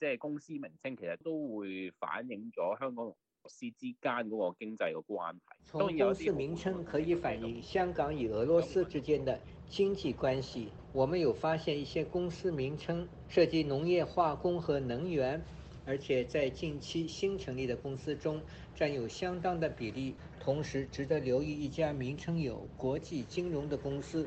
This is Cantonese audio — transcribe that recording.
即係公司名稱其實都會反映咗香港同俄羅斯之間嗰個經濟嘅關係。公司名稱可以反映香港與俄羅斯之間嘅經濟關係。我們有發現一些公司名稱涉及農業、化工和能源，而且在近期新成立的公司中佔有相當的比例。同時，值得留意一家名稱有國際金融嘅公司。